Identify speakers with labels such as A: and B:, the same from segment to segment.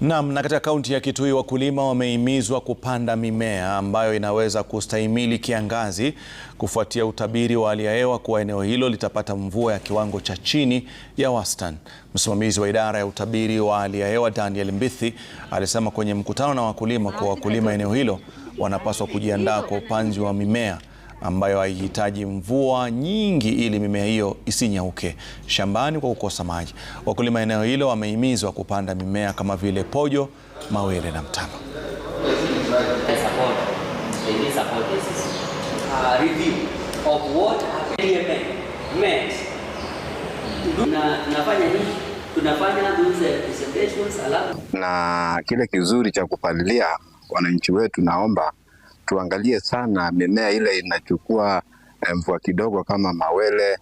A: Naam, na katika kaunti ya Kitui wakulima wamehimizwa kupanda mimea ambayo inaweza kustahimili kiangazi kufuatia utabiri wa hali ya hewa kuwa eneo hilo litapata mvua ya kiwango cha chini ya wastani. Msimamizi wa idara ya utabiri wa hali ya hewa Daniel Mbithi alisema kwenye mkutano na wakulima kuwa wakulima eneo hilo wanapaswa kujiandaa kwa upanzi wa mimea ambayo haihitaji mvua nyingi ili mimea hiyo isinyauke shambani kwa kukosa maji. Wakulima eneo hilo wamehimizwa kupanda mimea kama vile pojo, mawele na mtama.
B: Na kile kizuri cha kupalilia, wananchi wetu, naomba tuangalie sana mimea ile inachukua eh, mvua kidogo kama mawele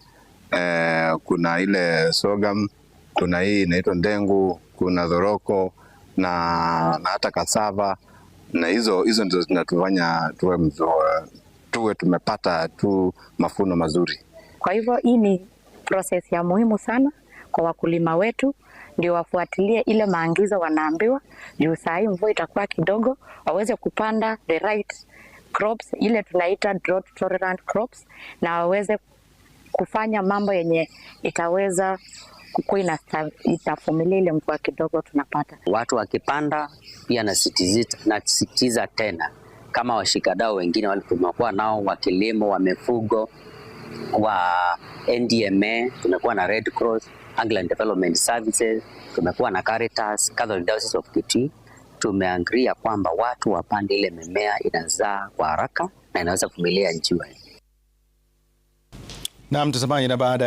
B: eh, kuna ile sogam kuna hii inaitwa ndengu, kuna dhoroko na, na hata kasava na hizo hizo ndizo zinatufanya tuwe tuwe tumepata tu mafuno mazuri.
C: Kwa hivyo hii ni process ya muhimu sana kwa wakulima wetu, ndio wafuatilie ile maangizo wanaambiwa, juu saa hii mvua itakuwa kidogo, waweze kupanda the right crops, ile tunaita drought tolerant crops, na waweze kufanya mambo yenye itaweza kukua itavumilia ile mvua kidogo tunapata.
D: Watu wakipanda pia nasitiza tena, kama washikadau wengine walikuwa nao wa kilimo, wa mifugo wa NDMA, tumekuwa na Red Cross, Anglican Development Services, tumekuwa na Caritas, Catholic Diocese of Kitui. tumeangria kwamba watu wapande ile mimea inazaa kwa haraka na inaweza kuvumilia jua. Naam, mtazamaji na baada